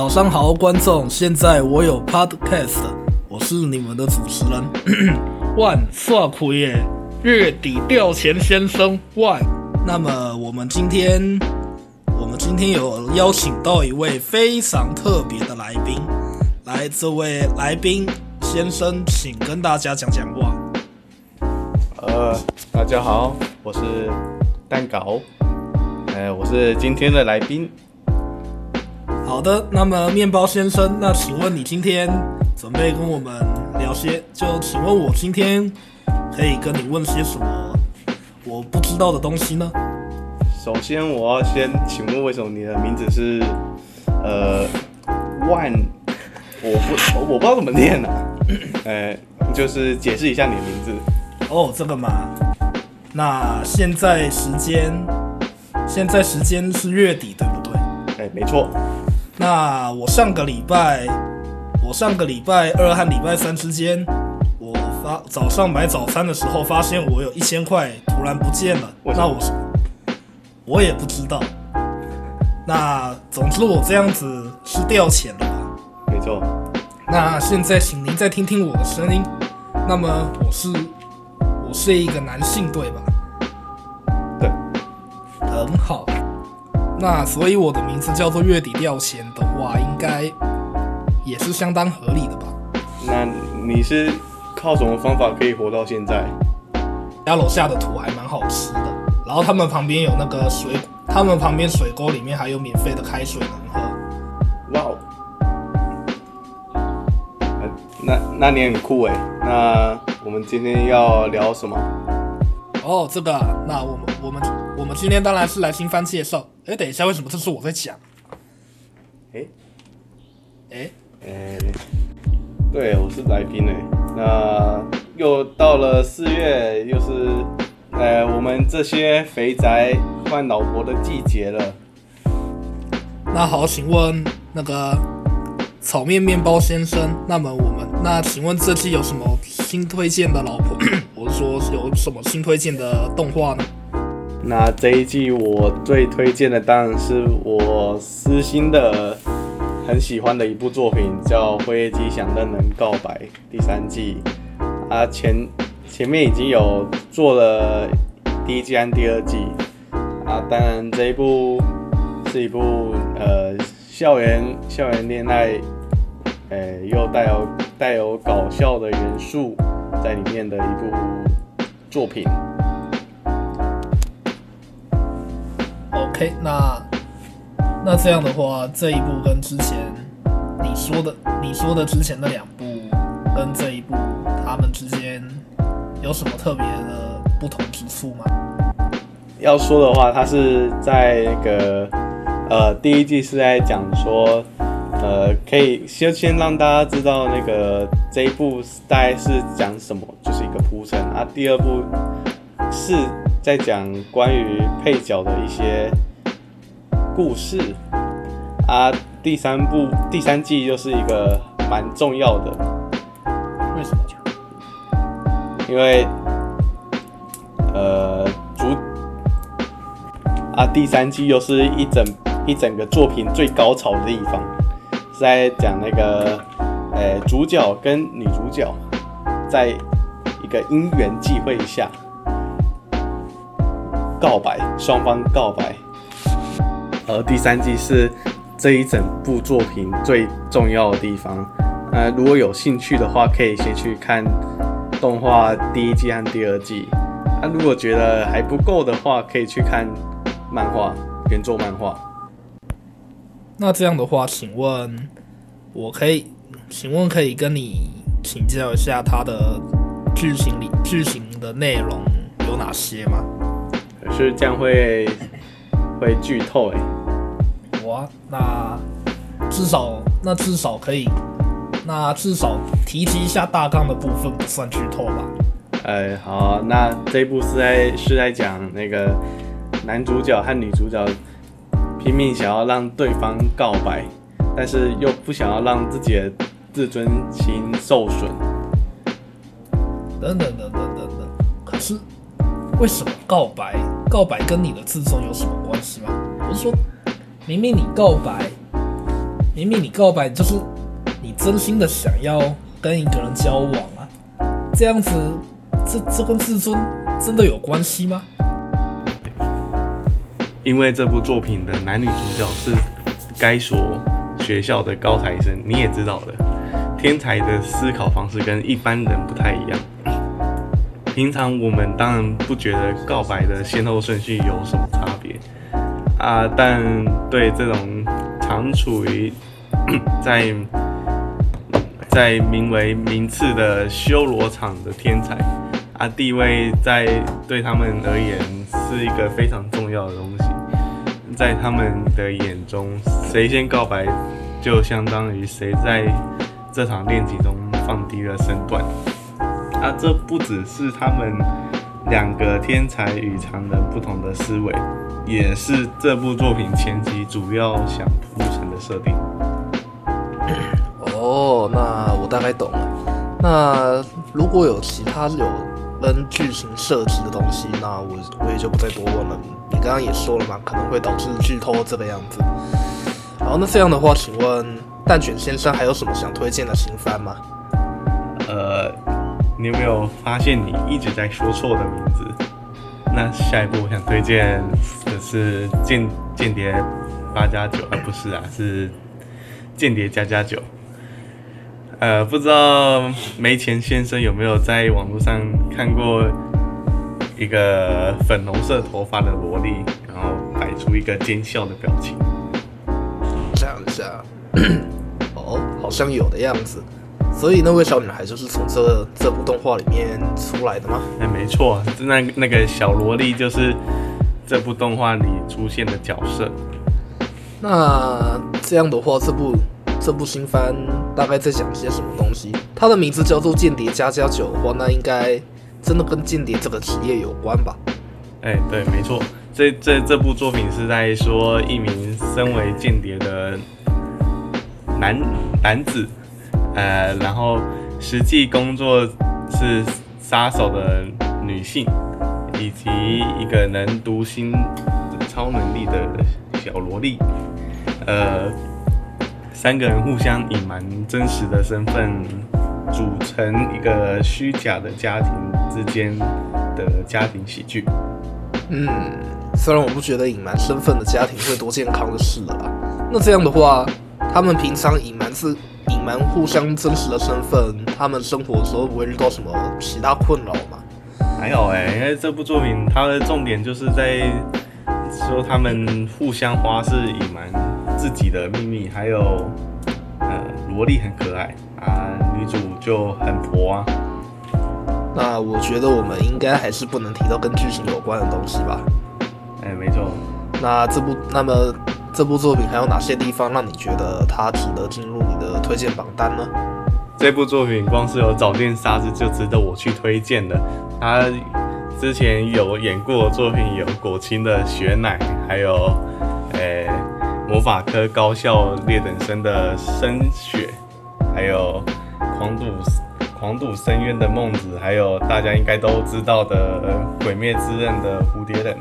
早上好，觀眾。現在我有 podcast，我是你們的主持人萬帥苦爺，岳抵弔前先生萬。咳咳，那麼我們今天，我們今天有邀請到一位非常特別的來賓。來，這位來賓先生，請跟大家講講話。呃，大家好，我是淡縞，哎、呃，我是今天的來賓。好的，那麼面包先生，那請問你今天準備跟我們聊些？就請問我今天可以跟你問些什麼我不知道的東西呢？首先，我要先請問為什麼你的名字是呃萬？One, 我不，我不知道怎麼念呢、啊？呃、欸，就是解釋一下你的名字。哦，這個嘛，那現在時間，現在時間是月底，對不對？哎、欸，沒錯。那我上個禮拜，我上個禮拜二和禮拜三之間，我發早上買早餐的時候發現我有一千塊突然不見了，那我我也不知道。那總之我這樣子是掉錢了吧，沒錯。那現在請您再聽聽我的聲音。那麼我是我是一個男性對吧？對，很好。那所以我的名字叫做岳抵弔前的話，應該也是相當合理的吧？那你是靠什麼方法可以活到現在？家樓下的土還蠻好吃的，然後他們旁邊有那個水，他們旁邊水溝裡面還有免費的開水能喝。哇、wow 呃，那那你很酷誒、欸。那我們今天要聊什麼？哦，oh, 這個、啊，那我們我們我們,我們今天當然是來新番介紹。哎，等一下，為什麼這是我在講？哎，哎，哎，對，我是來賓哎。那又到了四月，又是，呃，我們這些肥宅換老婆的季節了。那好，請問那個炒麵麵包先生，那麼我們，那請問這期有什麼新推薦的老婆， 我是說有什麼新推薦的動畫呢？那這一季我最推薦的當然是我私心的很喜歡的一部作品，叫《輝夜姬想讓人告白》第三季。啊，前前面已經有做了第一季跟第二季。啊，當然這一部是一部呃校園校園戀愛，呃、欸，又帶有帶有搞笑的元素在裡面的一部作品。OK，那那這樣的話，這一部跟之前你說的你說的之前的兩部跟這一部，他們之間有什麼特別的不同之處嗎？要說的話，他是在那個呃，第一季是在講說，呃，可以先先讓大家知道那個這一部大概是講什麼，就是一個鋪陳啊。第二部是。在講關於配角的一些故事啊，第三部第三季又是一個蠻重要的。為什麼講？因為呃，主啊，第三季又是一整一整個作品最高潮的地方，是在講那個呃、欸、主角跟女主角在一個因緣際會下。告白，雙方告白。而第三季是這一整部作品最重要的地方。那如果有興趣的話，可以先去看動畫第一季和第二季。那如果覺得還不夠的話，可以去看漫畫，原作漫畫。那這樣的話，請問我可以，請問可以跟你請教一下它的劇情裡劇情的內容有哪些嗎？就這樣會會劇透。哎、欸，哇，那至少那至少可以，那至少提及一下大綱的部分不算劇透吧？哎、欸，好、啊，那這部是在是在講那個男主角和女主角拼命想要讓對方告白，但是又不想要讓自己的自尊心受損，等等等等等等。可是為什麼告白？告白跟你的自尊有什麼關係嗎？我是說，明明你告白，明明你告白就是你真心的想要跟一個人交往啊，這樣子，這這跟自尊真的有關係嗎？因為這部作品的男女主角是該所學校的高材生，你也知道的，天才的思考方式跟一般人不太一樣。平常我們當然不覺得告白的先後順序有什麼差別啊，但對這種常處於 在在名為名次的修羅場的天才啊，地位在對他們而言是一個非常重要的東西，在他們的眼中，誰先告白就相當於誰在這場戀情中放低了身段。啊，這不只是他們兩個天才與常人不同的思維，也是這部作品前期主要想鋪陳的設定。哦，那我大概懂了。那如果有其他有關劇情設置的東西，那我我也就不再多問了。你剛剛也說了嘛，可能會導致劇透這個樣子。好，那這樣的話，請問蛋捲先生還有什麼想推薦的新番嗎？你有沒有發現你一直在說錯的名字？那下一步我想推薦的是間間諜八加九，而、啊、不是啊，是間諜加加九。呃，不知道沒錢先生有沒有在網絡上看過一個粉紅色頭髮的蘿莉，然後擺出一個奸笑的表情？這樣子，哦， 好像有的樣子。所以那位小女孩就是從這這部動畫裡面出來的嗎？哎、欸，沒錯，那那個小蘿莉就是這部動畫裡出現的角色。那這樣的話，這部這部新番大概在講些什麼東西？它的名字叫做《間諜家家酒》的話，那應該真的跟間諜這個職業有關吧？哎、欸，對，沒錯，這這這部作品是在說一名身為間諜的男男子。呃，然後實際工作是殺手的女性，以及一個能讀心超能力的小蘿莉，呃，三個人互相隱瞞真實的身份，組成一個虛假的家庭之間的家庭喜劇。嗯，雖然我不覺得隱瞞身份的家庭會多健康的事了啊，那這樣的話，他們平常隱瞞是？隱瞞互相真實的身份，他們生活的時候不會遇到什麼其他困擾嗎？還有哎、欸，因為這部作品它的重點就是在說他們互相花式隱瞞自己的秘密，還有呃、嗯、蘿莉很可愛啊，女主就很婆啊。那我覺得我們應該還是不能提到跟劇情有關的東西吧？哎、欸，沒錯。那這部，那麼這部作品還有哪些地方讓你覺得它值得進入你的推薦榜單呢？這部作品光是有早見沙織就值得我去推薦的。他之前有演過的作品有果青的雪乃，還有呃、欸、魔法科高校劣等生的深雪，還有狂賭狂賭深淵的夢子，還有大家應該都知道的鬼滅之刃的蝴蝶忍。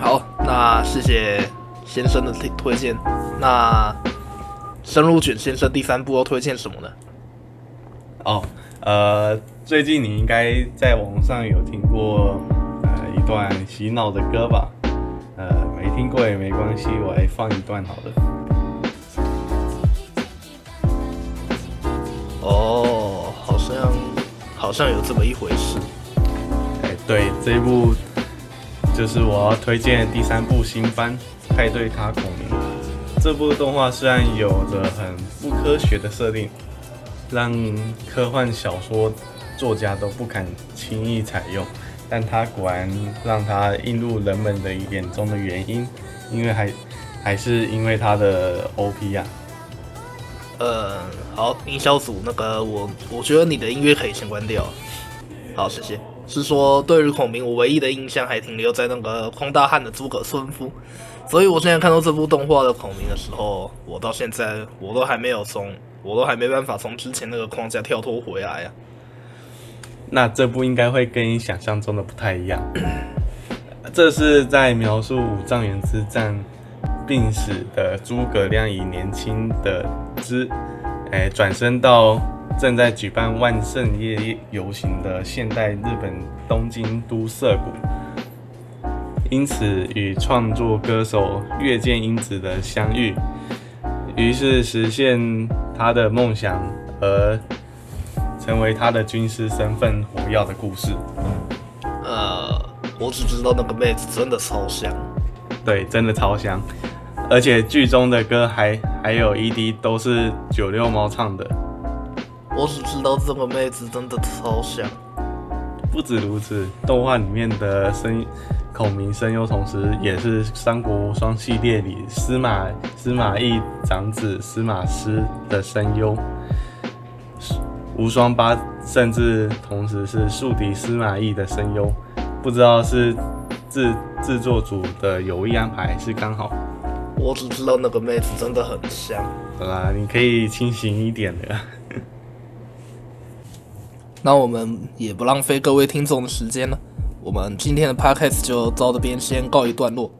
好。那謝謝先生的推推薦。那深入卷先生第三部要推薦什麼呢？哦，oh, 呃，最近你應該在網上有聽過呃一段洗腦的歌吧？呃，沒聽過也沒關係，我來放一段好了。哦，oh, 好像好像有這麼一回事。哎、欸，對，這一部。就是我要推薦第三部新番《派對咖孔明》這部動畫，雖然有着很不科學的設定，讓科幻小說作家都不敢輕易採用，但它果然讓它映入人們的眼中的原因，因為還還是因為它的 OP 呀、啊。呃，好，音效組那個我，我覺得你的音樂可以先關掉。好，謝謝。是說，對於孔明，我唯一的印象還停留在那個空大漢的諸葛村夫。所以我現在看到這部動畫的孔明的時候，我到現在我都還沒有從，我都還沒辦法從之前那個框架跳脫回來呀、啊。那這部應該會跟你想象中的不太一樣。 這是在描述五丈原之戰病死的諸葛亮，以年輕的姿，哎、欸，轉生到。正在舉辦萬聖夜遊行的現代日本東京都澀谷，因此與創作歌手月見英子的相遇，於是實現她的夢想，而成為她的軍師身份活躍的故事。呃，我只知道那個妹子真的超香，對，真的超香，而且劇中的歌還還有 ED 都是九六貓唱的。我只知道這個妹子真的超像。不止如此，動畫裡面的聲音、孔明聲優，同時也是《三國無雙》系列裡司馬司馬懿長子司馬師的聲優，無雙八甚至同時是宿敵司馬懿的聲優。不知道是製製作組的有意安排，是剛好。我只知道那個妹子真的很像。好啦、啊，你可以清醒一點的。那我們也不浪費各位聽眾的時間了，我們今天的 podcast 就到這邊先告一段落。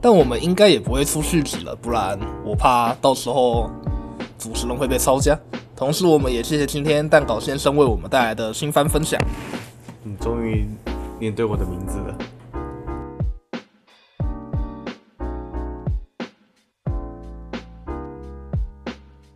但我們應該也不會出續集了，不然我怕到時候主持人會被抄家。同時，我們也謝謝今天淡縞先生為我們帶來的新番分享。你終於念對我的名字了。